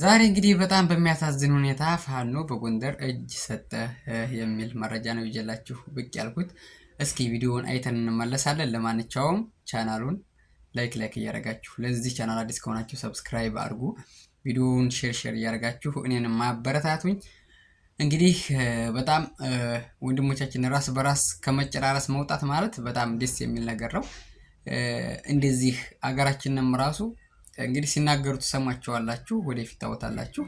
ዛሬ እንግዲህ በጣም በሚያሳዝን ሁኔታ ፋኖ በጎንደር እጅ ሰጠ የሚል መረጃ ነው ይዤላችሁ ብቅ ያልኩት። እስኪ ቪዲዮውን አይተን እንመለሳለን። ለማንኛውም ቻናሉን ላይክ ላይክ እያደረጋችሁ ለዚህ ቻናል አዲስ ከሆናችሁ ሰብስክራይብ አድርጉ። ቪዲዮውን ሼር ሼር እያደረጋችሁ እኔን ማበረታቱኝ። እንግዲህ በጣም ወንድሞቻችን ራስ በራስ ከመጨራረስ መውጣት ማለት በጣም ደስ የሚል ነገር ነው። እንደዚህ አገራችንም ራሱ እንግዲህ ሲናገሩት ትሰማቸዋላችሁ፣ ወደፊት ታወታላችሁ።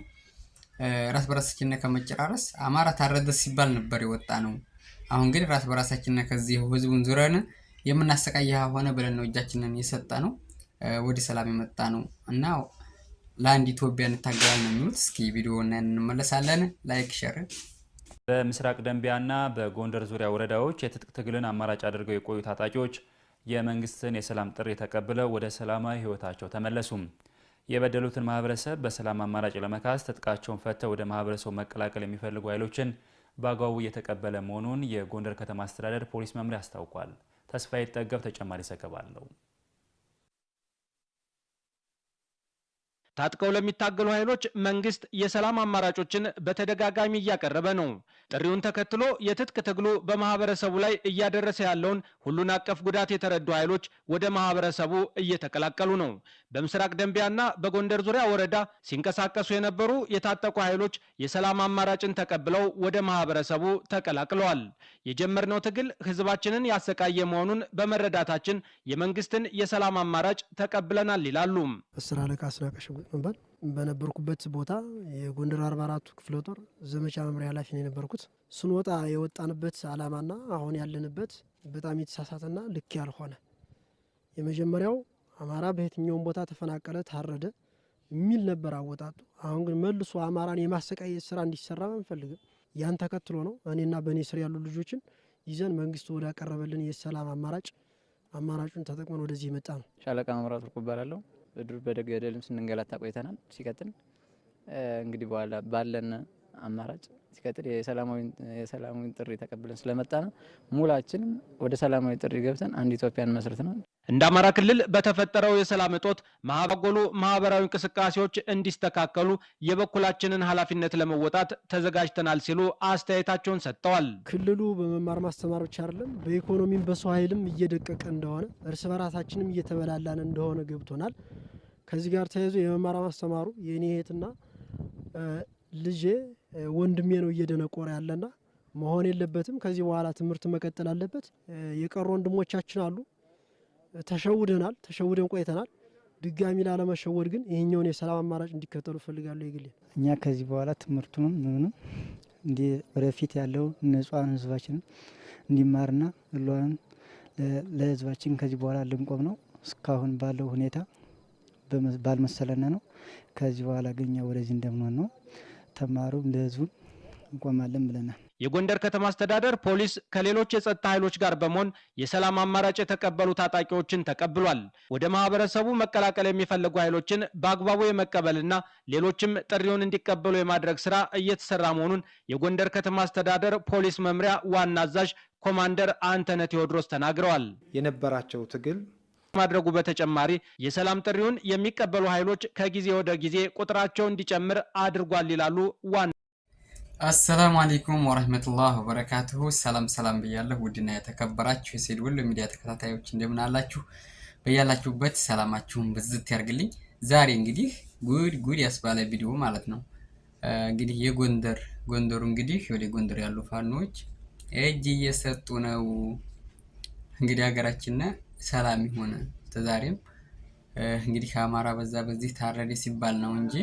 ራስ በራሳችን ከመጨራረስ አማራ ታረደ ሲባል ነበር የወጣ ነው። አሁን ግን ራስ በራሳችን ከዚህ ህዝቡን ዙረን የምናሰቃያ ሆነ ብለን ነው እጃችንን የሰጠ ነው ወደ ሰላም የመጣ ነው እና ለአንድ ኢትዮጵያ እንታገላል ነው የሚሉት። እስኪ ቪዲዮ እንመለሳለን። ላይክ ሸር በምስራቅ ደንቢያና በጎንደር ዙሪያ ወረዳዎች የትጥቅ ትግልን አማራጭ አድርገው የቆዩ ታጣቂዎች የመንግስትን የሰላም ጥሪ ተቀብለው ወደ ሰላማዊ ህይወታቸው ተመለሱ። የበደሉትን ማህበረሰብ በሰላም አማራጭ ለመካስ ትጥቃቸውን ፈተው ወደ ማህበረሰቡ መቀላቀል የሚፈልጉ ኃይሎችን በአግባቡ እየተቀበለ መሆኑን የጎንደር ከተማ አስተዳደር ፖሊስ መምሪያ አስታውቋል። ተስፋዬ ጠገብ ተጨማሪ ዘገባ አለው። ታጥቀው ለሚታገሉ ኃይሎች መንግስት የሰላም አማራጮችን በተደጋጋሚ እያቀረበ ነው። ጥሪውን ተከትሎ የትጥቅ ትግሉ በማህበረሰቡ ላይ እያደረሰ ያለውን ሁሉን አቀፍ ጉዳት የተረዱ ኃይሎች ወደ ማህበረሰቡ እየተቀላቀሉ ነው። በምስራቅ ደንቢያና በጎንደር ዙሪያ ወረዳ ሲንቀሳቀሱ የነበሩ የታጠቁ ኃይሎች የሰላም አማራጭን ተቀብለው ወደ ማህበረሰቡ ተቀላቅለዋል። የጀመርነው ትግል ህዝባችንን ያሰቃየ መሆኑን በመረዳታችን የመንግስትን የሰላም አማራጭ ተቀብለናል ይላሉ። ነበር። በነበርኩበት ቦታ የጎንደር አርባ አራቱ ክፍለ ጦር ዘመቻ መምሪያ ኃላፊ ነው የነበርኩት። ስንወጣ የወጣንበት አላማና አሁን ያለንበት በጣም የተሳሳተና ልክ ያልሆነ የመጀመሪያው አማራ በየትኛውም ቦታ ተፈናቀለ፣ ታረደ የሚል ነበር አወጣጡ። አሁን ግን መልሶ አማራን የማሰቃየት ስራ እንዲሰራ አንፈልግም። ያን ተከትሎ ነው እኔና በእኔ ስር ያሉ ልጆችን ይዘን መንግስቱ ወዳቀረበልን የሰላም አማራጭ አማራጩን ተጠቅመን ወደዚህ የመጣ ነው። ሻለቃ መምራት እባላለሁ። በዱር በደግ ስንንገላታ ቆይተናል። ሲቀጥል እንግዲህ በኋላ ባለን አማራጭ ሲቀጥል የሰላማዊን ጥሪ ተቀብለን ስለመጣ ነው። ሙላችንም ወደ ሰላማዊ ጥሪ ገብተን አንድ ኢትዮጵያን መስረት ነው። እንደ አማራ ክልል በተፈጠረው የሰላም እጦት ማጎሉ ማህበራዊ እንቅስቃሴዎች እንዲስተካከሉ የበኩላችንን ኃላፊነት ለመወጣት ተዘጋጅተናል ሲሉ አስተያየታቸውን ሰጥተዋል። ክልሉ በመማር ማስተማር ብቻ አይደለም፣ በኢኮኖሚም በሰው ኃይልም እየደቀቀ እንደሆነ እርስ በራሳችንም እየተበላላን እንደሆነ ገብቶናል። ከዚህ ጋር ተያይዞ የመማር ማስተማሩ የኔ እህትና ልጄ ወንድሜ ነው እየደነቆረ ያለና መሆን የለበትም። ከዚህ በኋላ ትምህርት መቀጠል አለበት። የቀሩ ወንድሞቻችን አሉ። ተሸውደናል፣ ተሸውደን ቆይተናል። ድጋሚ ላለመሸወድ ግን ይህኛውን የሰላም አማራጭ እንዲከተሉ እፈልጋለሁ። የግሌ እኛ ከዚህ በኋላ ትምህርቱንም ምንም እንዲ ወደፊት ያለው ንጹሐን ህዝባችንን እንዲማርና ህሏን ለህዝባችን ከዚህ በኋላ ልንቆም ነው። እስካሁን ባለው ሁኔታ ባልመሰለነ ነው። ከዚህ በኋላ ግን እኛ ወደዚህ እንደምንሆን ነው ለአስተማሩም ለህዝቡም እንቆማለን ብለናል። የጎንደር ከተማ አስተዳደር ፖሊስ ከሌሎች የጸጥታ ኃይሎች ጋር በመሆን የሰላም አማራጭ የተቀበሉ ታጣቂዎችን ተቀብሏል። ወደ ማህበረሰቡ መቀላቀል የሚፈልጉ ኃይሎችን በአግባቡ የመቀበልና ሌሎችም ጥሪውን እንዲቀበሉ የማድረግ ስራ እየተሰራ መሆኑን የጎንደር ከተማ አስተዳደር ፖሊስ መምሪያ ዋና አዛዥ ኮማንደር አንተነ ቴዎድሮስ ተናግረዋል። የነበራቸው ትግል ማድረጉ በተጨማሪ የሰላም ጥሪውን የሚቀበሉ ኃይሎች ከጊዜ ወደ ጊዜ ቁጥራቸው እንዲጨምር አድርጓል ይላሉ ዋና አሰላሙ አሌይኩም ወረህመቱላህ ወበረካቱሁ። ሰላም ሰላም ብያለሁ። ውድና የተከበራችሁ የሴድ ወሎ ሚዲያ ተከታታዮች እንደምን አላችሁ? በያላችሁበት ሰላማችሁን ብዝት ያርግልኝ። ዛሬ እንግዲህ ጉድ ጉድ ያስባለ ቪዲዮ ማለት ነው። እንግዲህ የጎንደር ጎንደሩ እንግዲህ ወደ ጎንደር ያሉ ፋኖች እጅ እየሰጡ ነው። እንግዲህ ሀገራችን ሰላም ይሁን። ተዛሬም እንግዲህ ከአማራ በዛ በዚህ ታረደ ሲባል ነው እንጂ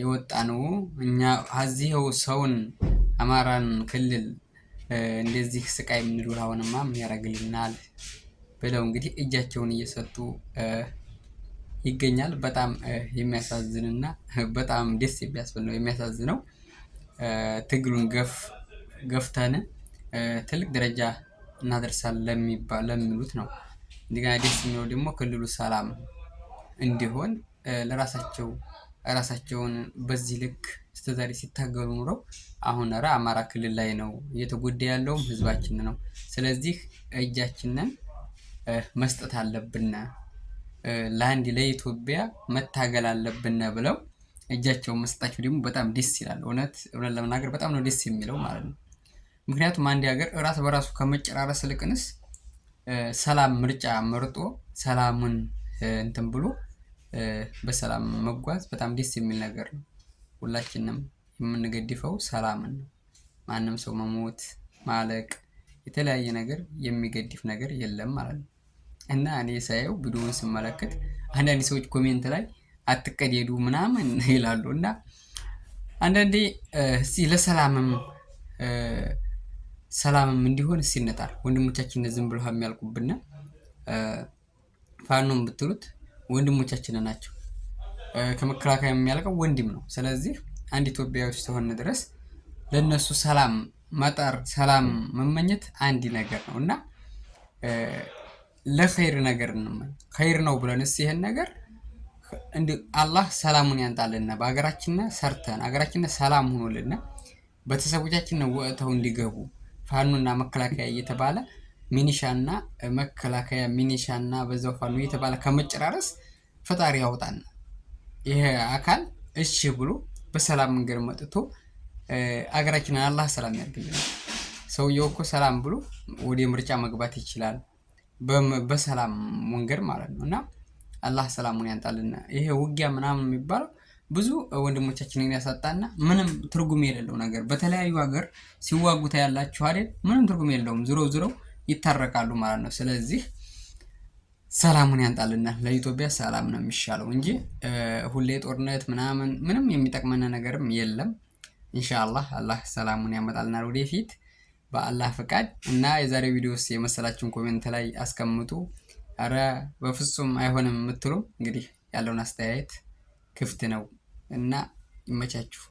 የወጣ ነው እኛ አዚህው ሰውን አማራን ክልል እንደዚህ ስቃይ የምንዱር አሁንማ ምን ያደርግልናል ብለው እንግዲህ እጃቸውን እየሰጡ ይገኛል። በጣም የሚያሳዝንና በጣም ደስ የሚያስብል ነው። የሚያሳዝነው ትግሉን ገፍ ገፍተን ትልቅ ደረጃ እናደርሳለን ለሚባል ለሚሉት ነው። እንደገና ደስ የሚለው ደግሞ ክልሉ ሰላም እንዲሆን ለራሳቸው ራሳቸውን በዚህ ልክ እስተዛሬ ሲታገሉ ኑረው አሁን ኧረ አማራ ክልል ላይ ነው እየተጎዳ ያለውም ህዝባችን ነው። ስለዚህ እጃችንን መስጠት አለብን፣ ለአንድ ለኢትዮጵያ መታገል አለብን ብለው እጃቸውን መስጠታቸው ደግሞ በጣም ደስ ይላል። እውነት እውነት ለመናገር በጣም ነው ደስ የሚለው ማለት ነው። ምክንያቱም አንድ ሀገር ራስ በራሱ ከመጨራረስ ልቅንስ ሰላም ምርጫ መርጦ ሰላሙን እንትን ብሎ በሰላም መጓዝ በጣም ደስ የሚል ነገር ነው። ሁላችንም የምንገድፈው ሰላምን ነው። ማንም ሰው መሞት፣ ማለቅ፣ የተለያየ ነገር የሚገድፍ ነገር የለም ማለት ነው እና እኔ ሳየው ቪዲዮውን ስመለከት አንዳንድ ሰዎች ኮሜንት ላይ አትቀደዱ ምናምን ይላሉ እና አንዳንዴ እስቲ ለሰላምም ሰላምም እንዲሆን እስ ይነጣል። ወንድሞቻችን ዝም ብሎ የሚያልቁብና ፋኖም ብትሉት ወንድሞቻችን ናቸው። ከመከላከያ የሚያልቀው ወንድም ነው። ስለዚህ አንድ ኢትዮጵያዊ እስከሆነ ድረስ ለእነሱ ሰላም መጣር ሰላም መመኘት አንድ ነገር ነው እና ለኸይር ነገር እንመኝ። ኸይር ነው ብለን እስ ይሄን ነገር እንዲ አላህ ሰላሙን ያንጣልና በሀገራችን ሰርተን ሀገራችን ሰላም ሆኖልና ቤተሰቦቻችን ወጥተው እንዲገቡ ፋኖና መከላከያ እየተባለ ሚኒሻና መከላከያ ሚኒሻና በዛው ፋኖ እየተባለ ከመጨራረስ ፈጣሪ ያውጣን። ይሄ አካል እሺ ብሎ በሰላም መንገድ መጥቶ አገራችንን አላህ ሰላም ያድርግልን። ሰውየው እኮ ሰላም ብሎ ወደ ምርጫ መግባት ይችላል፣ በሰላም መንገድ ማለት ነው። እና አላህ ሰላሙን ያንጣልና ይሄ ውጊያ ምናምን የሚባለው ብዙ ወንድሞቻችንን ያሳጣና ምንም ትርጉም የሌለው ነገር በተለያዩ ሀገር ሲዋጉታ ያላችሁ አይደል? ምንም ትርጉም የለውም። ዝሮ ዝሮ ይታረቃሉ ማለት ነው። ስለዚህ ሰላሙን ያንጣልና ለኢትዮጵያ ሰላም ነው የሚሻለው እንጂ ሁሌ ጦርነት ምናምን ምንም የሚጠቅመን ነገርም የለም። ኢንሻአላህ አላህ ሰላሙን ያመጣልናል ወደፊት በአላህ ፈቃድ። እና የዛሬው ቪዲዮስ የመሰላችሁን ኮሜንት ላይ አስቀምጡ። ኧረ በፍጹም አይሆንም የምትሉ እንግዲህ ያለውን አስተያየት ክፍት ነው። እና ይመቻችሁ።